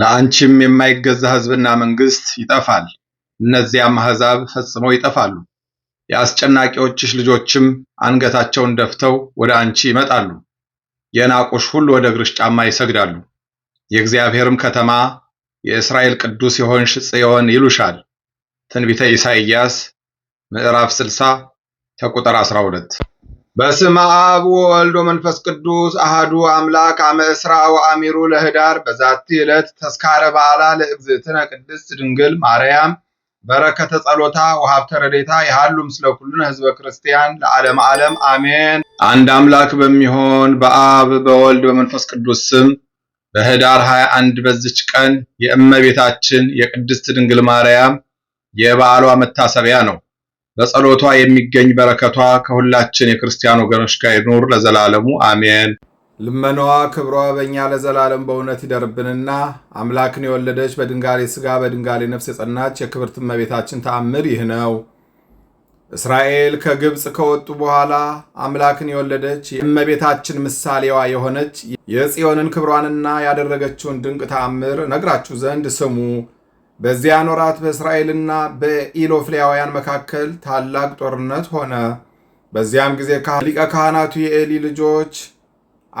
ለአንቺም የማይገዛ ሕዝብና መንግስት ይጠፋል። እነዚያም አሕዛብ ፈጽመው ይጠፋሉ። የአስጨናቂዎችሽ ልጆችም አንገታቸውን ደፍተው ወደ አንቺ ይመጣሉ። የናቁሽ ሁሉ ወደ እግርሽ ጫማ ይሰግዳሉ። የእግዚአብሔርም ከተማ የእስራኤል ቅዱስ የሆንሽ ጽዮን ይሉሻል። ትንቢተ ኢሳይያስ ምዕራፍ 60 ከቁጥር 12 በስመ አብ ወወልድ ወመንፈስ ቅዱስ አህዱ አምላክ አመ እስራ ወአሚሩ ለኅዳር በዛቲ ዕለት ተስካረ በዓላ ለእግዝእትነ ቅድስት ድንግል ማርያም በረከተ ጸሎታ ወሀብተ ረዴታ የሃሉ ምስለ ኩልነ ህዝበ ክርስቲያን ለዓለም ዓለም አሜን። አንድ አምላክ በሚሆን በአብ በወልድ በመንፈስ ቅዱስ ስም በኅዳር 21 በዚች ቀን የእመቤታችን የቅድስት ድንግል ማርያም የበዓሏ መታሰቢያ ነው። በጸሎቷ የሚገኝ በረከቷ ከሁላችን የክርስቲያን ወገኖች ጋር ይኑር ለዘላለሙ አሜን። ልመናዋ ክብሯ በእኛ ለዘላለም በእውነት ይደርብንና አምላክን የወለደች በድንጋሌ ሥጋ በድንጋሌ ነፍስ የጸናች የክብርት እመቤታችን ተአምር ይህ ነው። እስራኤል ከግብፅ ከወጡ በኋላ አምላክን የወለደች የእመቤታችን ምሳሌዋ የሆነች የጽዮንን ክብሯንና ያደረገችውን ድንቅ ተአምር ነግራችሁ ዘንድ ስሙ። በዚያን ወራት በእስራኤልና በኢሎፍሌያውያን መካከል ታላቅ ጦርነት ሆነ። በዚያም ጊዜ ሊቀ ካህናቱ የኤሊ ልጆች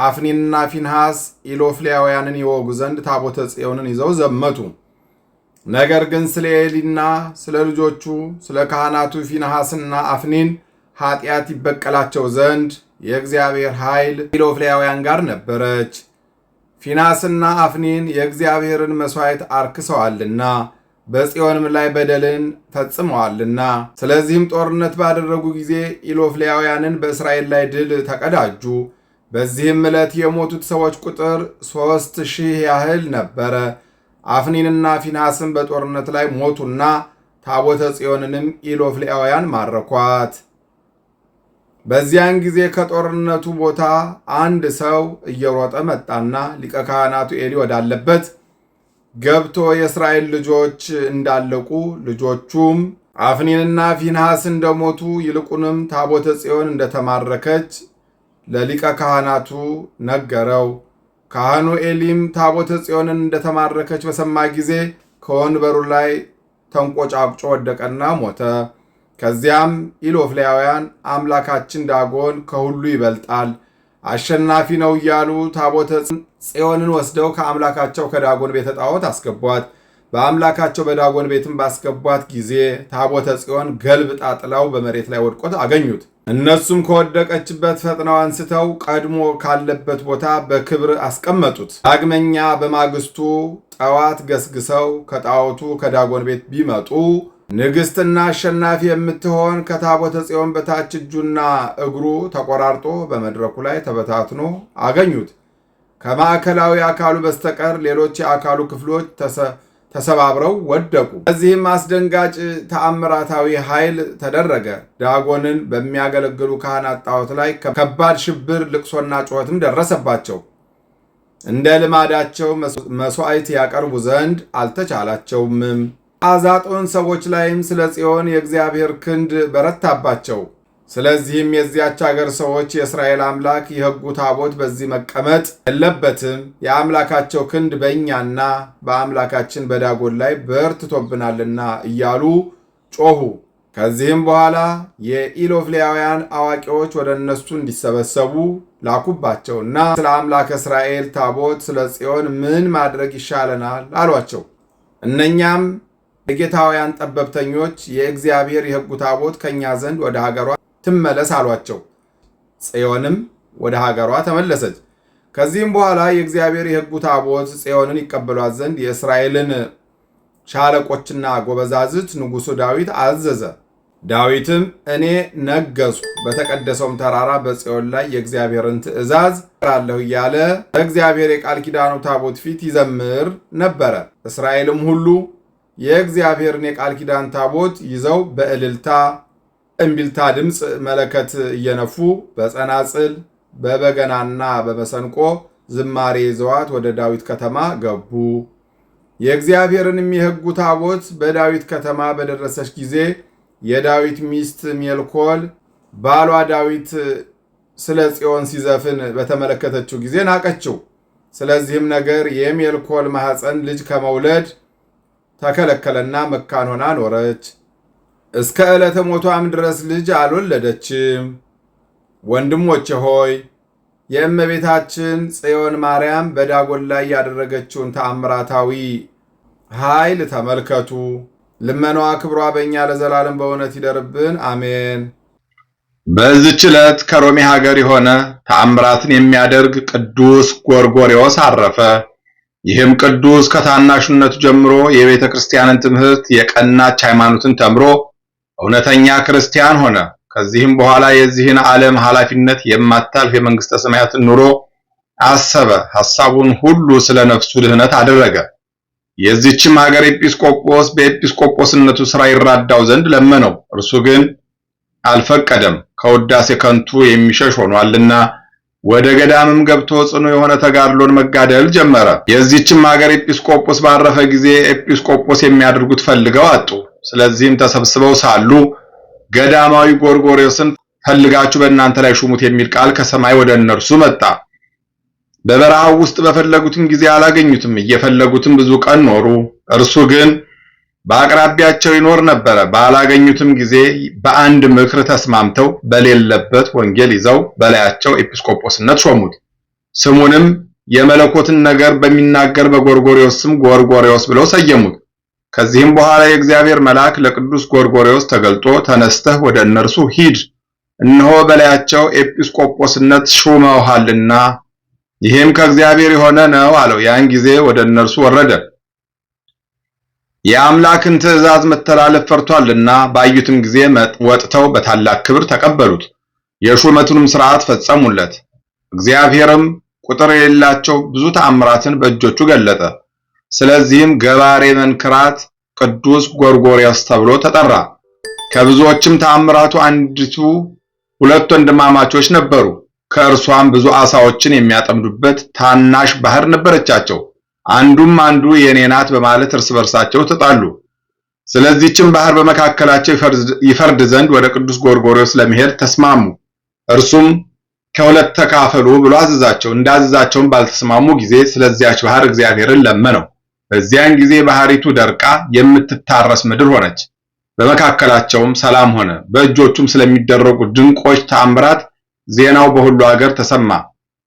አፍኒንና ፊንሃስ ኢሎፍሌያውያንን ይወጉ ዘንድ ታቦተ ጽዮንን ይዘው ዘመቱ። ነገር ግን ስለ ኤሊና ስለ ልጆቹ ስለ ካህናቱ ፊንሃስና አፍኒን ኃጢአት ይበቀላቸው ዘንድ የእግዚአብሔር ኃይል ኢሎፍሌያውያን ጋር ነበረች። ፊናስና አፍኒን የእግዚአብሔርን መሥዋዕት አርክሰዋልና በጽዮንም ላይ በደልን ፈጽመዋልና፣ ስለዚህም ጦርነት ባደረጉ ጊዜ ኢሎፍሌያውያንን በእስራኤል ላይ ድል ተቀዳጁ። በዚህም ዕለት የሞቱት ሰዎች ቁጥር ሦስት ሺህ ያህል ነበረ። አፍኒንና ፊናስም በጦርነት ላይ ሞቱና ታቦተ ጽዮንንም ኢሎፍሌያውያን ማረኳት። በዚያን ጊዜ ከጦርነቱ ቦታ አንድ ሰው እየሮጠ መጣና ሊቀ ካህናቱ ኤሊ ወዳለበት ገብቶ የእስራኤል ልጆች እንዳለቁ ልጆቹም አፍኒንና ፊንሐስ እንደሞቱ ይልቁንም ታቦተ ጽዮን እንደተማረከች ለሊቀ ካህናቱ ነገረው። ካህኑ ኤሊም ታቦተ ጽዮንን እንደተማረከች በሰማ ጊዜ ከወንበሩ ላይ ተንቆጫቁጮ ወደቀና ሞተ። ከዚያም ኢሎፍላውያን አምላካችን ዳጎን ከሁሉ ይበልጣል አሸናፊ ነው እያሉ ታቦተ ጽዮንን ወስደው ከአምላካቸው ከዳጎን ቤተ ጣዖት አስገቧት። በአምላካቸው በዳጎን ቤትም ባስገቧት ጊዜ ታቦተ ጽዮን ገልብጣ ጥለው በመሬት ላይ ወድቆት አገኙት። እነሱም ከወደቀችበት ፈጥነው አንስተው ቀድሞ ካለበት ቦታ በክብር አስቀመጡት። ዳግመኛ በማግስቱ ጠዋት ገስግሰው ከጣዖቱ ከዳጎን ቤት ቢመጡ ንግሥትና አሸናፊ የምትሆን ከታቦተ ጽዮን በታች እጁና እግሩ ተቆራርጦ በመድረኩ ላይ ተበታትኖ አገኙት። ከማዕከላዊ አካሉ በስተቀር ሌሎች የአካሉ ክፍሎች ተሰባብረው ወደቁ። በዚህም አስደንጋጭ ተአምራታዊ ኃይል ተደረገ። ዳጎንን በሚያገለግሉ ካህናት ጣዖት ላይ ከባድ ሽብር፣ ልቅሶና ጩኸትም ደረሰባቸው። እንደ ልማዳቸው መሥዋዕት ያቀርቡ ዘንድ አልተቻላቸውምም። አዛጦን ሰዎች ላይም ስለ ጽዮን የእግዚአብሔር ክንድ በረታባቸው። ስለዚህም የዚያች አገር ሰዎች የእስራኤል አምላክ የሕጉ ታቦት በዚህ መቀመጥ የለበትም፣ የአምላካቸው ክንድ በእኛና በአምላካችን በዳጎን ላይ በርትቶብናልና እያሉ ጮኹ። ከዚህም በኋላ የኢሎፍሌያውያን አዋቂዎች ወደ እነሱ እንዲሰበሰቡ ላኩባቸውና ስለ አምላክ እስራኤል ታቦት ስለ ጽዮን ምን ማድረግ ይሻለናል አሏቸው። እነኛም የጌታውያን ጠበብተኞች የእግዚአብሔር የሕጉ ታቦት ከእኛ ዘንድ ወደ ሀገሯ ትመለስ አሏቸው። ጽዮንም ወደ ሀገሯ ተመለሰች። ከዚህም በኋላ የእግዚአብሔር የሕጉ ታቦት ጽዮንን ይቀበሏት ዘንድ የእስራኤልን ሻለቆችና ጎበዛዝት ንጉሡ ዳዊት አዘዘ። ዳዊትም እኔ ነገሱ በተቀደሰውም ተራራ በጽዮን ላይ የእግዚአብሔርን ትእዛዝ ራለሁ እያለ በእግዚአብሔር የቃል ኪዳኑ ታቦት ፊት ይዘምር ነበረ። እስራኤልም ሁሉ የእግዚአብሔርን የቃል ኪዳን ታቦት ይዘው በእልልታ እምቢልታ ድምፅ መለከት እየነፉ በጸናጽል በበገናና በመሰንቆ ዝማሬ ይዘዋት ወደ ዳዊት ከተማ ገቡ። የእግዚአብሔርንም የሕጉ ታቦት በዳዊት ከተማ በደረሰች ጊዜ የዳዊት ሚስት ሜልኮል ባሏ ዳዊት ስለ ጽዮን ሲዘፍን በተመለከተችው ጊዜ ናቀችው። ስለዚህም ነገር የሜልኮል ማኅፀን ልጅ ከመውለድ ተከለከለና መካን ሆና ኖረች። እስከ ዕለተ ሞቷም ድረስ ልጅ አልወለደችም። ወንድሞቼ ሆይ የእመቤታችን ጽዮን ማርያም በዳጎን ላይ ያደረገችውን ተአምራታዊ ኃይል ተመልከቱ። ልመናዋ ክብሯ በእኛ ለዘላለም በእውነት ይደርብን፣ አሜን። በዚች ዕለት ከሮሜ ሀገር የሆነ ተአምራትን የሚያደርግ ቅዱስ ጎርጎሪዎስ አረፈ። ይህም ቅዱስ ከታናሽነቱ ጀምሮ የቤተ ክርስቲያንን ትምህርት የቀናች ሃይማኖትን ተምሮ እውነተኛ ክርስቲያን ሆነ። ከዚህም በኋላ የዚህን ዓለም ኃላፊነት የማታልፍ የመንግሥተ ሰማያትን ኑሮ አሰበ። ሐሳቡን ሁሉ ስለ ነፍሱ ድህነት አደረገ። የዚችም ሀገር ኤጲስቆጶስ በኤጲስቆጶስነቱ ሥራ ይራዳው ዘንድ ለመነው። እርሱ ግን አልፈቀደም፣ ከውዳሴ ከንቱ የሚሸሽ ሆኗልና። ወደ ገዳምም ገብቶ ጽኑ የሆነ ተጋድሎን መጋደል ጀመረ። የዚችም ሀገር ኤጲስቆጶስ ባረፈ ጊዜ ኤጲስቆጶስ የሚያደርጉት ፈልገው አጡ። ስለዚህም ተሰብስበው ሳሉ ገዳማዊ ጎርጎርዮስን ፈልጋችሁ በእናንተ ላይ ሹሙት የሚል ቃል ከሰማይ ወደ እነርሱ መጣ። በበረሃው ውስጥ በፈለጉትም ጊዜ አላገኙትም። እየፈለጉትም ብዙ ቀን ኖሩ። እርሱ ግን በአቅራቢያቸው ይኖር ነበረ። ባላገኙትም ጊዜ በአንድ ምክር ተስማምተው በሌለበት ወንጌል ይዘው በላያቸው ኤጲስቆጶስነት ሾሙት። ስሙንም የመለኮትን ነገር በሚናገር በጎርጎሪዎስ ስም ጎርጎሪዎስ ብለው ሰየሙት። ከዚህም በኋላ የእግዚአብሔር መልአክ ለቅዱስ ጎርጎሪዎስ ተገልጦ ተነስተህ ወደ እነርሱ ሂድ፣ እነሆ በላያቸው ኤጲስቆጶስነት ሹመውሃልና ይህም ከእግዚአብሔር የሆነ ነው አለው። ያን ጊዜ ወደ እነርሱ ወረደ። የአምላክን ትእዛዝ መተላለፍ ፈርቷልና ባዩትም ጊዜ ወጥተው በታላቅ ክብር ተቀበሉት፣ የሹመቱንም ሥርዓት ፈጸሙለት። እግዚአብሔርም ቁጥር የሌላቸው ብዙ ተአምራትን በእጆቹ ገለጠ። ስለዚህም ገባሬ መንክራት ቅዱስ ጎርጎርዮስ ተብሎ ተጠራ። ከብዙዎችም ተአምራቱ አንዲቱ ሁለት ወንድማማቾች ነበሩ። ከእርሷም ብዙ ዓሣዎችን የሚያጠምዱበት ታናሽ ባህር ነበረቻቸው። አንዱም አንዱ የኔ ናት በማለት እርስ በርሳቸው ተጣሉ። ስለዚህችም ባህር በመካከላቸው ይፈርድ ዘንድ ወደ ቅዱስ ጎርጎርዮስ ለመሄድ ተስማሙ። እርሱም ከሁለት ተካፈሉ ብሎ አዘዛቸው። እንዳዘዛቸውም ባልተስማሙ ጊዜ ስለዚያች ባህር እግዚአብሔርን ለመነው። በዚያን ጊዜ ባህሪቱ ደርቃ የምትታረስ ምድር ሆነች። በመካከላቸውም ሰላም ሆነ። በእጆቹም ስለሚደረጉ ድንቆች ተአምራት ዜናው በሁሉ ሀገር ተሰማ።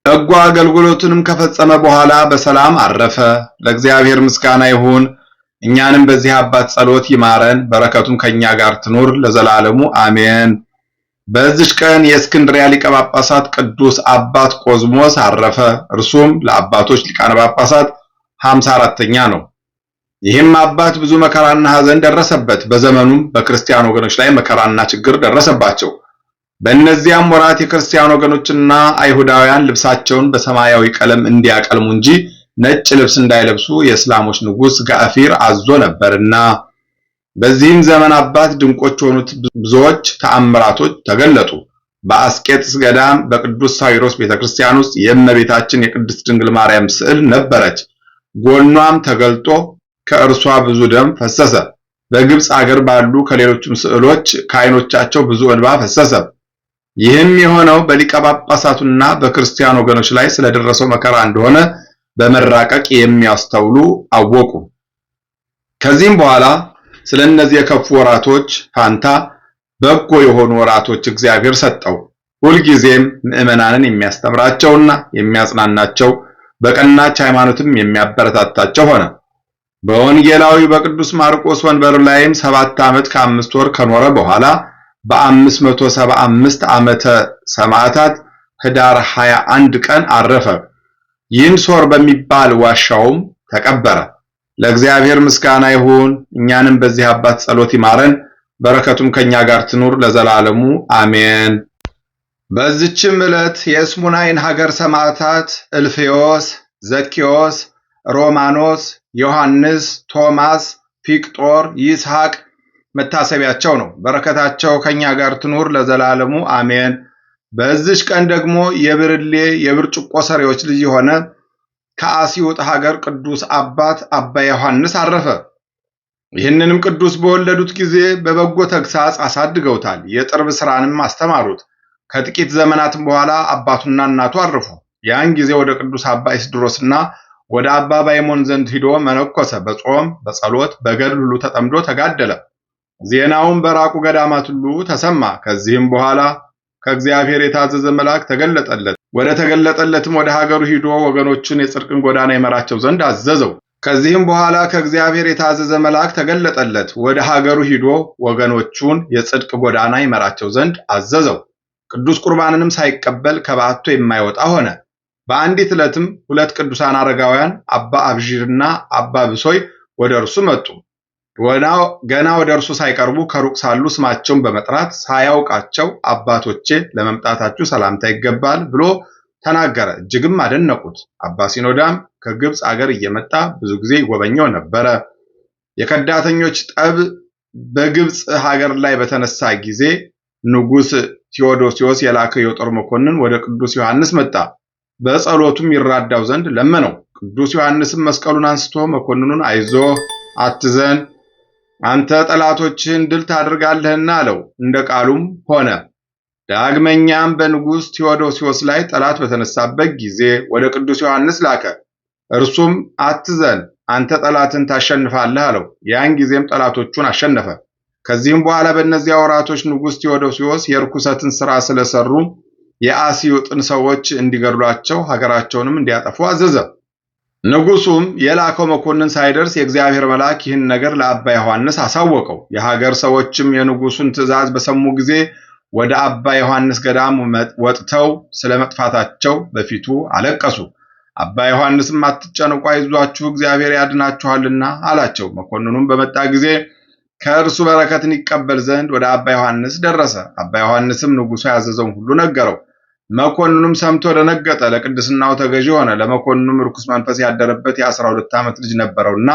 በጎ አገልግሎቱንም ከፈጸመ በኋላ በሰላም አረፈ። ለእግዚአብሔር ምስጋና ይሁን። እኛንም በዚህ አባት ጸሎት ይማረን፣ በረከቱም ከኛ ጋር ትኑር ለዘላለሙ አሜን። በዚች ቀን የእስክንድሪያ ሊቀ ጳጳሳት ቅዱስ አባት ቆዝሞስ አረፈ። እርሱም ለአባቶች ሊቃነ ጳጳሳት 54ኛ ነው። ይህም አባት ብዙ መከራና ሐዘን ደረሰበት። በዘመኑም በክርስቲያን ወገኖች ላይ መከራና ችግር ደረሰባቸው። በእነዚያም ወራት የክርስቲያን ወገኖችና አይሁዳውያን ልብሳቸውን በሰማያዊ ቀለም እንዲያቀልሙ እንጂ ነጭ ልብስ እንዳይለብሱ የእስላሞች ንጉሥ ጋፊር አዞ ነበርና። በዚህም ዘመን አባት ድንቆች የሆኑት ብዙዎች ተአምራቶች ተገለጡ። በአስቄጥስ ገዳም በቅዱስ ሳዊሮስ ቤተክርስቲያን ውስጥ የእመቤታችን የቅድስት ድንግል ማርያም ስዕል ነበረች። ጎኗም ተገልጦ ከእርሷ ብዙ ደም ፈሰሰ። በግብፅ አገር ባሉ ከሌሎችም ስዕሎች ከዓይኖቻቸው ብዙ እንባ ፈሰሰ። ይህም የሆነው በሊቀ ጳጳሳቱና በክርስቲያን ወገኖች ላይ ስለደረሰው መከራ እንደሆነ በመራቀቅ የሚያስተውሉ አወቁ። ከዚህም በኋላ ስለ እነዚህ የከፉ ወራቶች ፋንታ በጎ የሆኑ ወራቶች እግዚአብሔር ሰጠው። ሁልጊዜም ምዕመናንን የሚያስተምራቸውና የሚያጽናናቸው በቀናች ሃይማኖትም የሚያበረታታቸው ሆነ። በወንጌላዊ በቅዱስ ማርቆስ ወንበር ላይም ሰባት ዓመት ከአምስት ወር ከኖረ በኋላ በ575 ዓመተ ሰማዕታት ህዳር 21 ቀን አረፈ። ይህን ሶር በሚባል ዋሻውም ተቀበረ። ለእግዚአብሔር ምስጋና ይሁን። እኛንም በዚህ አባት ጸሎት ይማረን፣ በረከቱም ከኛ ጋር ትኑር ለዘላለሙ አሜን። በዚችም ዕለት የእስሙናይን ሀገር ሰማዕታት እልፌዎስ፣ ዘኪዎስ፣ ሮማኖስ፣ ዮሐንስ፣ ቶማስ፣ ፊቅጦር፣ ይስሐቅ መታሰቢያቸው ነው። በረከታቸው ከኛ ጋር ትኑር ለዘላለሙ አሜን። በዚች ቀን ደግሞ የብርሌ የብርጭቆ ሰሪዎች ልጅ የሆነ ከአስዩጥ ሀገር ቅዱስ አባት አባ ዮሐንስ አረፈ። ይህንንም ቅዱስ በወለዱት ጊዜ በበጎ ተግሳጽ አሳድገውታል። የጥርብ ሥራንም አስተማሩት። ከጥቂት ዘመናትም በኋላ አባቱና እናቱ አረፉ። ያን ጊዜ ወደ ቅዱስ አባ ኢስድሮስና ወደ አባ ባይሞን ዘንድ ሂዶ መነኮሰ። በጾም በጸሎት በገድል ሁሉ ተጠምዶ ተጋደለ። ዜናውን በራቁ ገዳማት ሁሉ ተሰማ። ከዚህም በኋላ ከእግዚአብሔር የታዘዘ መልአክ ተገለጠለት። ወደ ተገለጠለትም ወደ ሀገሩ ሂዶ ወገኖቹን የጽድቅን ጎዳና ይመራቸው ዘንድ አዘዘው። ከዚህም በኋላ ከእግዚአብሔር የታዘዘ መልአክ ተገለጠለት። ወደ ሀገሩ ሂዶ ወገኖቹን የጽድቅ ጎዳና ይመራቸው ዘንድ አዘዘው። ቅዱስ ቁርባንንም ሳይቀበል ከበዓቱ የማይወጣ ሆነ። በአንዲት ዕለትም ሁለት ቅዱሳን አረጋውያን አባ አብዢርና አባ ብሶይ ወደ እርሱ መጡ። ገና ወደ እርሱ ሳይቀርቡ ከሩቅ ሳሉ ስማቸውን በመጥራት ሳያውቃቸው አባቶቼ ለመምጣታችሁ ሰላምታ ይገባል ብሎ ተናገረ። እጅግም አደነቁት። አባ ሲኖዳም ከግብፅ አገር እየመጣ ብዙ ጊዜ ይጎበኘው ነበረ። የከዳተኞች ጠብ በግብፅ ሀገር ላይ በተነሳ ጊዜ ንጉሥ ቴዎዶሲዎስ የላከው የጦር መኮንን ወደ ቅዱስ ዮሐንስ መጣ። በጸሎቱም ይራዳው ዘንድ ለመነው። ቅዱስ ዮሐንስም መስቀሉን አንስቶ መኮንኑን አይዞ አትዘን አንተ ጠላቶችህን ድል ታደርጋለህና አለው። እንደ ቃሉም ሆነ። ዳግመኛም በንጉሥ ቴዎዶሲዎስ ላይ ጠላት በተነሳበት ጊዜ ወደ ቅዱስ ዮሐንስ ላከ። እርሱም አትዘን፣ አንተ ጠላትን ታሸንፋለህ አለው። ያን ጊዜም ጠላቶቹን አሸነፈ። ከዚህም በኋላ በእነዚያ ወራቶች ንጉሥ ቴዎዶሲዎስ የርኩሰትን ሥራ ስለሰሩ የአስዩጥን ሰዎች እንዲገድሏቸው ሀገራቸውንም እንዲያጠፉ አዘዘ። ንጉሱም የላከው መኮንን ሳይደርስ የእግዚአብሔር መልአክ ይህን ነገር ለአባ ዮሐንስ አሳወቀው። የሀገር ሰዎችም የንጉሱን ትእዛዝ በሰሙ ጊዜ ወደ አባ ዮሐንስ ገዳም ወጥተው ስለ መጥፋታቸው በፊቱ አለቀሱ። አባ ዮሐንስም አትጨንቁ፣ አይዟችሁ እግዚአብሔር ያድናችኋልና አላቸው። መኮንኑም በመጣ ጊዜ ከእርሱ በረከትን ይቀበል ዘንድ ወደ አባ ዮሐንስ ደረሰ። አባ ዮሐንስም ንጉሱ ያዘዘውን ሁሉ ነገረው። መኮንኑም ሰምቶ ደነገጠ፣ ለቅድስናው ተገዢ ሆነ። ለመኮንኑም ርኩስ መንፈስ ያደረበት የአስራ ሁለት ዓመት ልጅ ነበረውና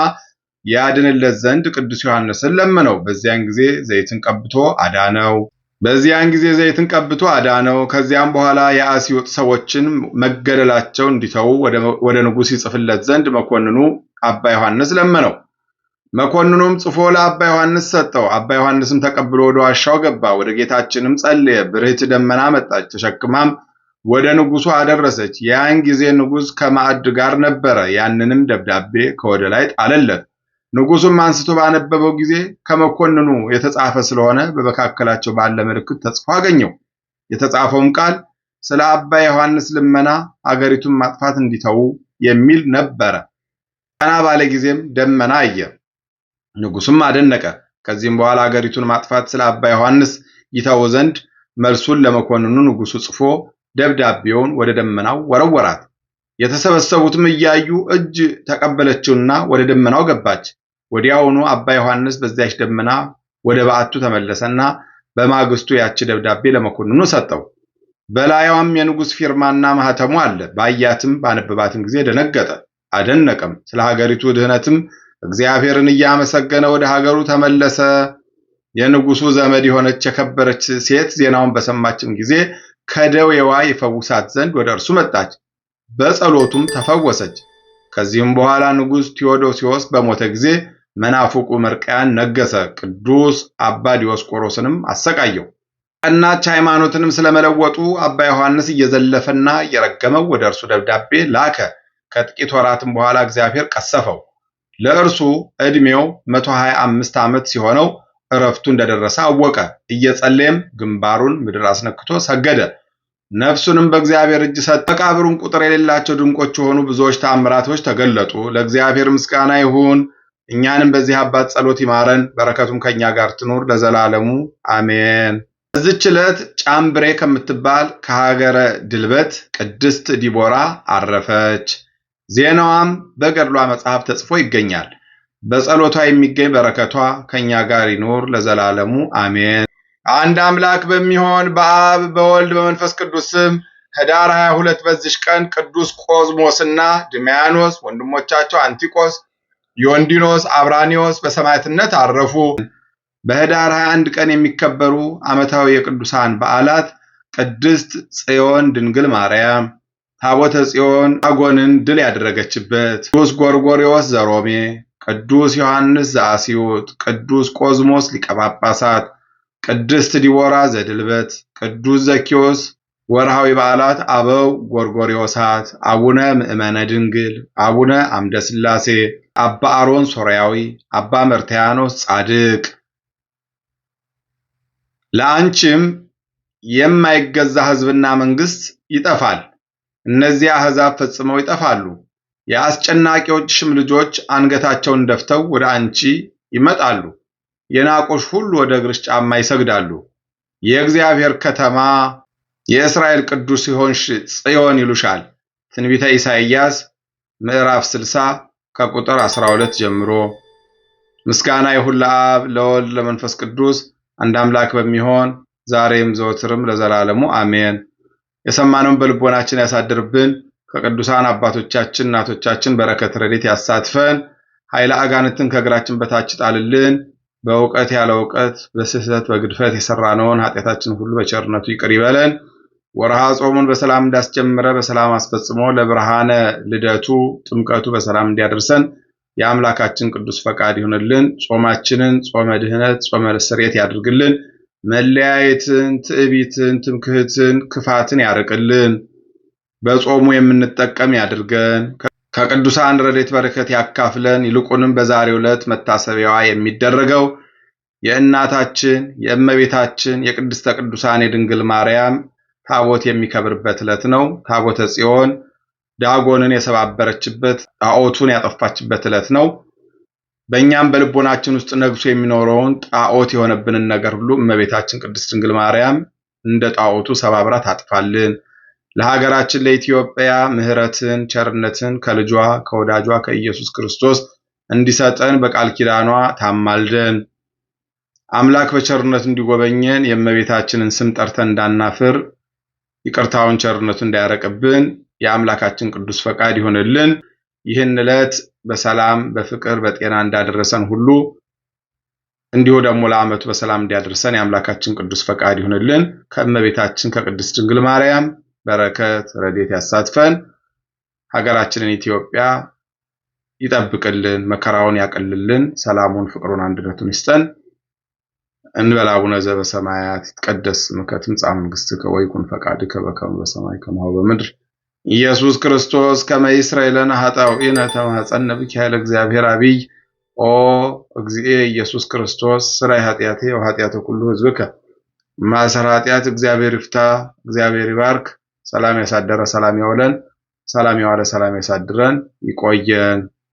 ያድንለት ዘንድ ቅዱስ ዮሐንስን ለመነው። በዚያን ጊዜ ዘይትን ቀብቶ አዳነው። በዚያን ጊዜ ዘይትን ቀብቶ አዳነው። ከዚያም በኋላ የአስዮጥ ሰዎችን መገደላቸው እንዲተዉ ወደ ንጉሥ ይጽፍለት ዘንድ መኮንኑ አባ ዮሐንስ ለመነው። መኮንኑም ጽፎ ለአባ ዮሐንስ ሰጠው። አባ ዮሐንስም ተቀብሎ ወደ ዋሻው ገባ። ወደ ጌታችንም ጸለየ። ብርህት ደመና መጣች፣ ተሸክማም ወደ ንጉሱ አደረሰች። ያን ጊዜ ንጉስ ከማዕድ ጋር ነበረ። ያንንም ደብዳቤ ከወደ ላይ ጣለለት። ንጉሱም አንስቶ ባነበበው ጊዜ ከመኮንኑ የተጻፈ ስለሆነ በመካከላቸው ባለ ምልክት ተጽፎ አገኘው። የተጻፈውም ቃል ስለ አባ ዮሐንስ ልመና አገሪቱን ማጥፋት እንዲተዉ የሚል ነበረ። ቀና ባለ ጊዜም ደመና አየ። ንጉሱም አደነቀ። ከዚህም በኋላ አገሪቱን ማጥፋት ስለ አባ ዮሐንስ ይተው ዘንድ መልሱን ለመኮንኑ ንጉሱ ጽፎ ደብዳቤውን ወደ ደመናው ወረወራት። የተሰበሰቡትም እያዩ እጅ ተቀበለችውና ወደ ደመናው ገባች። ወዲያውኑ አባ ዮሐንስ በዚያች ደመና ወደ በዓቱ ተመለሰና በማግስቱ ያቺ ደብዳቤ ለመኮንኑ ሰጠው። በላያዋም የንጉሥ ፊርማና ማህተሙ አለ። ባያትም ባነበባትም ጊዜ ደነገጠ፣ አደነቀም። ስለ ሀገሪቱ ድህነትም እግዚአብሔርን እያመሰገነ ወደ ሀገሩ ተመለሰ። የንጉሱ ዘመድ የሆነች የከበረች ሴት ዜናውን በሰማችም ጊዜ ከደዌዋ ይፈውሳት ዘንድ ወደ እርሱ መጣች። በጸሎቱም ተፈወሰች። ከዚህም በኋላ ንጉሥ ቴዎዶሲዎስ በሞተ ጊዜ መናፍቁ መርቅያን ነገሰ። ቅዱስ አባ ዲዮስቆሮስንም አሰቃየው። ቀናች ሃይማኖትንም ስለመለወጡ አባ ዮሐንስ እየዘለፈና እየረገመው ወደ እርሱ ደብዳቤ ላከ። ከጥቂት ወራትም በኋላ እግዚአብሔር ቀሰፈው። ለእርሱ ዕድሜው 125 ሀያ ዓመት ሲሆነው እረፍቱ እንደደረሰ አወቀ። እየጸለየም ግንባሩን ምድር አስነክቶ ሰገደ። ነፍሱንም በእግዚአብሔር እጅ ሰጠ። መቃብሩን ቁጥር የሌላቸው ድንቆች የሆኑ ብዙዎች ተአምራቶች ተገለጡ። ለእግዚአብሔር ምስጋና ይሁን። እኛንም በዚህ አባት ጸሎት ይማረን፣ በረከቱም ከእኛ ጋር ትኑር ለዘላለሙ አሜን። በዚች ዕለት ጫምብሬ ከምትባል ከሀገረ ድልበት ቅድስት ዲቦራ አረፈች። ዜናዋም በገድሏ መጽሐፍ ተጽፎ ይገኛል። በጸሎቷ የሚገኝ በረከቷ ከእኛ ጋር ይኖር ለዘላለሙ አሜን። አንድ አምላክ በሚሆን በአብ በወልድ በመንፈስ ቅዱስ ስም ህዳር 22 በዚሽ ቀን ቅዱስ ቆዝሞስና ድሚያኖስ ወንድሞቻቸው አንቲቆስ፣ ዮንዲኖስ፣ አብራኒዎስ በሰማዕትነት አረፉ። በህዳር 21 ቀን የሚከበሩ ዓመታዊ የቅዱሳን በዓላት ቅድስት ጽዮን ድንግል ማርያም ታቦተ ጽዮን አጎንን ድል ያደረገችበት፣ ቅዱስ ጎርጎሪዎስ ዘሮሜ፣ ቅዱስ ዮሐንስ ዘአስዩጥ፣ ቅዱስ ቆዝሞስ ሊቀ ጳጳሳት፣ ቅድስት ዲቦራ ዘድልበት፣ ቅዱስ ዘኪዮስ። ወርሃዊ በዓላት አበው ጎርጎሪዎሳት፣ አቡነ ምእመነ ድንግል፣ አቡነ አምደ ሥላሴ፣ አባ አሮን ሶርያዊ፣ አባ መርትያኖስ ጻድቅ። ለአንቺም የማይገዛ ሕዝብና መንግሥት ይጠፋል እነዚያ አሕዛብ ፈጽመው ይጠፋሉ። የአስጨናቂዎችሽም ልጆች አንገታቸውን ደፍተው ወደ አንቺ ይመጣሉ። የናቆሽ ሁሉ ወደ እግርሽ ጫማ ይሰግዳሉ። የእግዚአብሔር ከተማ የእስራኤል ቅዱስ ሲሆንሽ ጽዮን ይሉሻል። ትንቢተ ኢሳይያስ ምዕራፍ 60 ከቁጥር 12 ጀምሮ። ምስጋና ይሁን ለአብ ለወልድ ለመንፈስ ቅዱስ አንድ አምላክ በሚሆን ዛሬም ዘወትርም ለዘላለሙ አሜን። የሰማነውን በልቦናችን ያሳድርብን። ከቅዱሳን አባቶቻችን እናቶቻችን በረከት ረድኤት ያሳትፈን። ኃይለ አጋንንትን ከእግራችን በታች ጣልልን። በእውቀት ያለ እውቀት በስህተት በግድፈት የሰራነውን ኃጢአታችን ሁሉ በቸርነቱ ይቅር ይበለን። ወርሃ ጾሙን በሰላም እንዳስጀምረ በሰላም አስፈጽሞ ለብርሃነ ልደቱ ጥምቀቱ በሰላም እንዲያደርሰን የአምላካችን ቅዱስ ፈቃድ ይሆንልን ጾማችንን ጾመ ድህነት ጾመ ስርየት ያድርግልን። መለያየትን፣ ትዕቢትን፣ ትምክህትን፣ ክፋትን ያርቅልን። በጾሙ የምንጠቀም ያድርገን። ከቅዱሳን ረድኤት በረከት ያካፍለን። ይልቁንም በዛሬ ዕለት መታሰቢያዋ የሚደረገው የእናታችን የእመቤታችን የቅድስተ ቅዱሳን የድንግል ማርያም ታቦት የሚከብርበት ዕለት ነው። ታቦተ ጽዮን ዳጎንን የሰባበረችበት ጣዖቱን ያጠፋችበት ዕለት ነው። በእኛም በልቦናችን ውስጥ ነግሶ የሚኖረውን ጣዖት የሆነብንን ነገር ሁሉ እመቤታችን ቅድስት ድንግል ማርያም እንደ ጣዖቱ ሰባብራ ታጥፋልን። ለሀገራችን ለኢትዮጵያ ምሕረትን ቸርነትን ከልጇ ከወዳጇ ከኢየሱስ ክርስቶስ እንዲሰጠን በቃል ኪዳኗ ታማልደን። አምላክ በቸርነት እንዲጎበኘን የእመቤታችንን ስም ጠርተን እንዳናፍር ይቅርታውን ቸርነቱ እንዳያረቅብን የአምላካችን ቅዱስ ፈቃድ ይሆንልን። ይህን ዕለት በሰላም በፍቅር በጤና እንዳደረሰን ሁሉ እንዲሁ ደግሞ ለዓመቱ በሰላም እንዲያደርሰን የአምላካችን ቅዱስ ፈቃድ ይሁንልን። ከእመቤታችን ከቅድስት ድንግል ማርያም በረከት ረድኤት ያሳትፈን። ሀገራችንን ኢትዮጵያ ይጠብቅልን፣ መከራውን ያቀልልን፣ ሰላሙን፣ ፍቅሩን፣ አንድነቱን ይስጠን። እንበል አቡነ ዘበሰማያት ይትቀደስ ስምከ ትምጻእ መንግሥትከ ወይኩን ፈቃድከ በከመ በሰማይ ከማሁ በምድር ኢየሱስ ክርስቶስ ከመ ይስረይለነ ኃጣውኢነ ተማፀነ ብኪ እግዚአብሔር አብይ ኦ እግዚኤ ኢየሱስ ክርስቶስ ስራይ ኃጢአቴ ወኃጢአተ ኩሉ ህዝብከ ማሰር ኃጢአት እግዚአብሔር ይፍታ፣ እግዚአብሔር ይባርክ። ሰላም ያሳደረ ሰላም ያውለን፣ ሰላም ያዋለ ሰላም ያሳድረን። ይቆየን።